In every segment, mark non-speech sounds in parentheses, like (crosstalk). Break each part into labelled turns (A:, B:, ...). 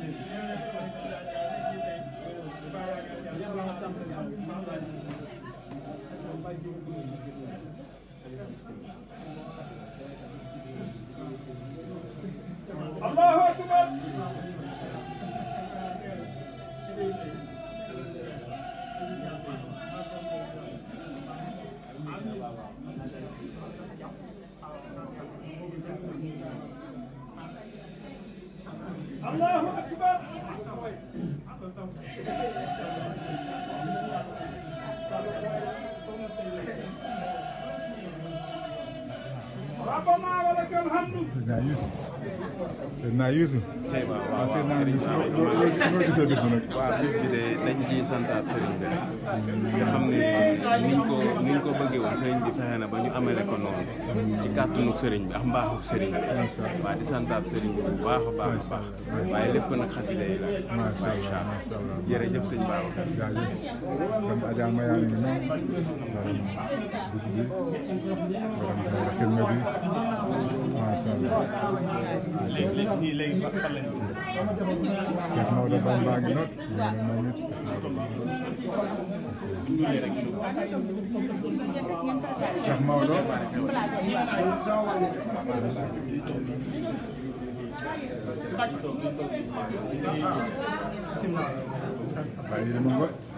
A: You Allahu Akbar! Allahu Akbar! ربما ولك الحمد sëñ naa Youssou. tey waaw waaw waaw Serigne Ba waaw bi nag. waaw bis bi de santaat Serigne bi rek. ne niñ ko niñ ko bëggee woon Serigne bi ba ñu amele ko noonu. ci kàttanug Serigne bi ak mbaaxu Serigne bi. waaw di santaat Serigne bi bu baax a baax a baax. waaye lépp nag xasida la. macha allah macha allah jërëjëf sëñ Babacar. jaajëf kon Adja Maya léegi léegi nii léegi ba fan lañ ko. Cheikh Maodo Bamba ngi noot. Cheikh Maodo. waaye yéen a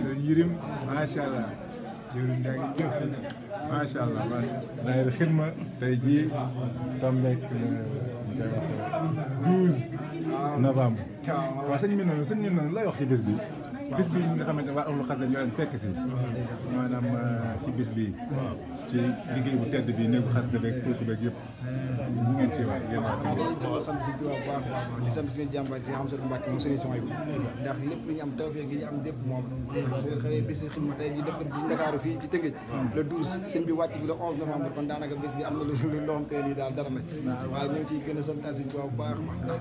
A: sëñ Yirim macha allah jëriñ daa ngi jëf macha allah xidma tey jii tombeeg ñu euh, koy wax 12 ah, novembre. waaw sëñ bi noonu bis bi nga xamante ne waa Ahlou Khassida ñoo leen fekk si maanaam uh, ci bis bi ci liggéey bu tedd bi néegu xas beeg fulk beeg yëpp ñu ngeen ci waay yéen waa sant si bu baax baax di sant suñu jàmbaar si xam suñu mbàkk moom suñu son bi ndax lépp lu ñu am tawfeex gi ñu am dépp moom xëyee bis xidma tey ji def ko ci Ndakaaru fii ci Tëngéej le 12 sëñ bi wàcc bi le 11 novembre kon daanaka bis bi am na lu loo xam te nii daal dara na ci waaye ñoo ciy gën a santaat si bu baax baax ndax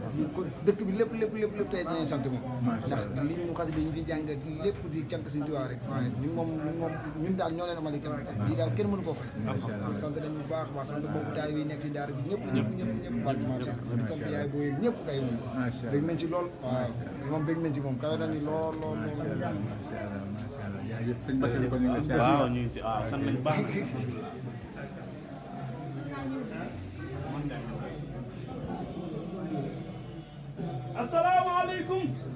A: dëkk bi lépp lépp lépp lépp tey dañuy sant moom ndax li ñu xas dañu fi jàng jàng ak lépp di cant Sëriñ Tuubaa rek waaye ñun moom ñun moom ñun daal ñoo leen amal cant rek lii daal kenn mënu koo fay waaw sant bu baax baax sant bokk taal yi nekk ci daara bi ñëpp ñëpp ñëpp ñëpp barke macha allah sant yaay booy ñëpp kay moom bëgg nañ ci lool waaw moom bëgg nañ ci moom kawe na ni lool lool lool ñu (laughs)